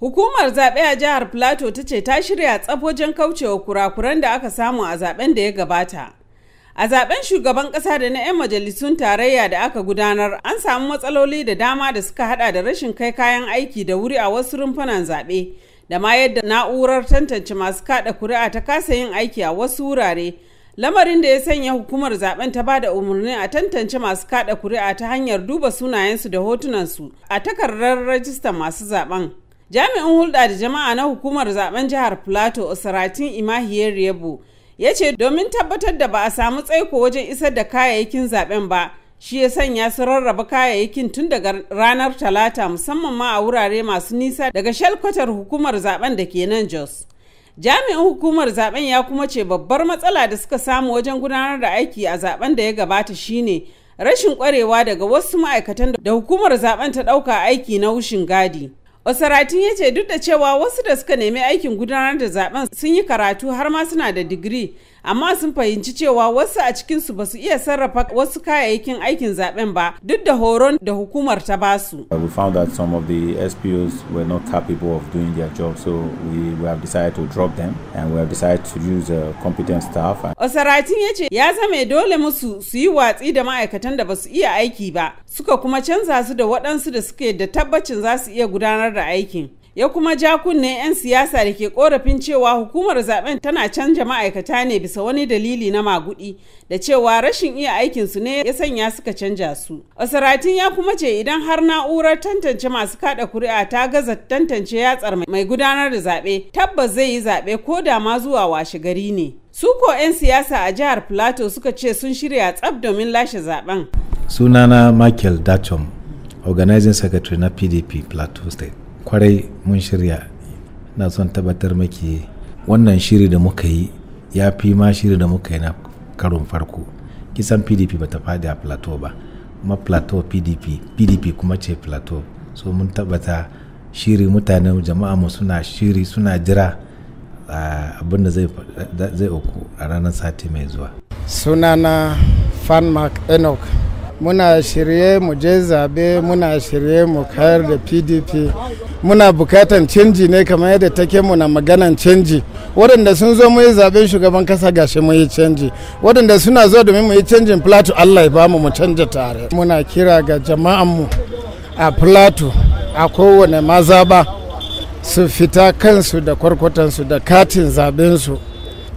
Hukumar zaɓe a jihar Plateau ta ce ta shirya tsaf wajen kaucewa kurakuran da aka samu a zaɓen da ya gabata. A zaben shugaban ƙasa da na 'yan majalisun tarayya da aka gudanar an samu matsaloli da dama da suka hada da rashin kai kayan aiki da wuri a wasu rumfunan zaɓe da ma yadda na'urar tantance masu kaɗa kuri'a ta kasa yin aiki a wasu wurare lamarin da ya sanya hukumar zaben ta bada umarni a tantance masu kaɗa kuri'a ta hanyar duba sunayensu da hotunansu a takardar rajistar masu zaɓen. jami'in hulɗa da jama'a na hukumar zaben jihar plateau osiratin imahiyar yabo ya ce domin tabbatar da ba a samu tsaiko wajen isar da kayayyakin zaben ba shi ya sanya su rarraba kayayyakin tun daga ranar talata musamman ma a wurare masu nisa daga shalkwatar hukumar zaben da ke nan jos jami'in hukumar zaben ya kuma ce babbar matsala da suka samu wajen gudanar da aiki a zaben da ya gabata shine rashin kwarewa daga wasu ma'aikatan da hukumar zaben ta ɗauka aiki na wushin gadi Osaratin ya ce duk da cewa wasu da suka nemi aikin gudanar da zaben sun yi karatu har ma suna da digiri amma sun fahimci cewa wasu a cikinsu ba su iya sarrafa wasu kayayyakin aikin zaben ba duk da horon da hukumar ta basu. Uh, we found that some of the SPOs were not capable of doing their job so we, we have decided to drop them and we have decided to use a uh, competent staff. Osaratin ya ce ya zama dole musu su yi watsi da ma'aikatan da ba su iya aiki ba suka kuma canza su da waɗansu da suke da tabbacin za su iya gudanar gudanar da aikin ya kuma ja kunne 'yan siyasa da ke korafin cewa hukumar zaben tana canja ma'aikata ne bisa wani dalili na magudi da cewa rashin iya aikinsu ne ya sanya suka canja su osaratin ya kuma ce idan har na'urar tantance masu kada kuri'a ta gaza tantance yatsar mai gudanar da zaɓe tabbas zai yi zaɓe ko da ma zuwa washe gari ne ko 'yan siyasa a jihar plateau suka ce sun shirya tsab domin lashe zaben sunana michael dachom organizing secretary na pdp plateau state kwarai mun shirya na son tabbatar maki wannan shiri da muka yi ya fi ma shiri da muka yi na karon farko kisan pdp bata fadi a plateau ba kuma plateau pdp pdp kuma ce plateau so mun tabbata shiri mutanen jama'a mu suna shiri suna jira abin da zai uku a ranar sati mai zuwa sunana fanmark enoch muna shirye mu je zabe muna shirye mu kayar da pdp muna bukatan canji ne kamar yadda take muna maganan canji waɗanda sun zo mu yi zaben shugaban kasa gashi mu yi canji waɗanda suna zo domin mu yi canjin plato allah ya bamu mu canja tare muna kira ga jama'anmu a plato a kowane maza ba su fita kansu da kwarkwatansu da katin zabensu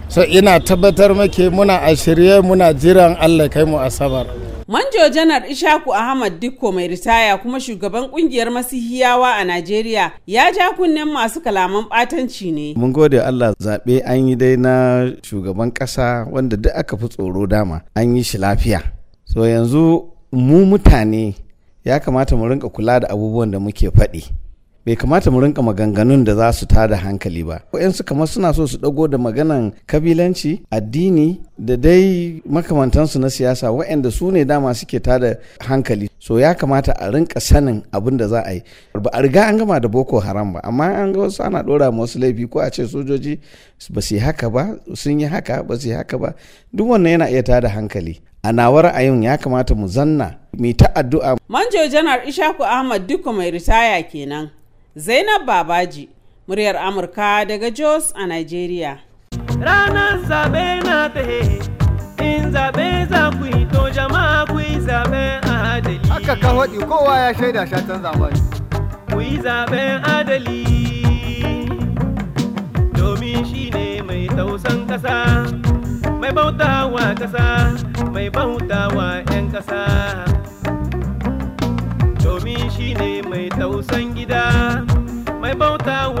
so ina tabbatar muke muna a shirye muna jiran allah kai mu asabar Manjo Janar Ishaku Ahmad Dikko mai ritaya kuma shugaban kungiyar Masihiyawa a Najeriya ya ja kunnen masu kalaman ɓatanci ne. Mun gode Allah zaɓe an yi dai na shugaban ƙasa wanda duk aka fi tsoro dama an yi shi lafiya. So yanzu mu mutane ya kamata mu rinka kula da abubuwan da muke faɗi. bai kamata mu rinka maganganun da za su tada hankali ba. Wa'yansu kamar suna so su ɗago da maganan kabilanci, addini, da dai makamantansu na siyasa waɗanda su ne dama suke tada hankali so ya kamata a rinka sanin abin da za a yi ba a riga an gama da boko haram ba amma an ga wasu ana ɗora wasu laifi ko a ce sojoji ba su yi haka ba sun yi haka ba su yi haka ba duk wannan yana iya tada hankali a a ra'ayin ya kamata mu zanna mu ta addu'a manjo janar ishaku ahmad duka mai ritaya kenan zainab babaji muryar amurka daga jos a nigeria Rana zaɓe na ta in zaɓe za ku yi to jama'a ku yi zaɓen adali. Haka ka faɗi kowa ya shaida shatan zamani. Ku yi zaɓen adali domin shi ne mai tausan ƙasa, mai bauta wa ƙasa, mai bauta wa 'yan ƙasa. Domin shi ne mai tausan gida, mai bautawa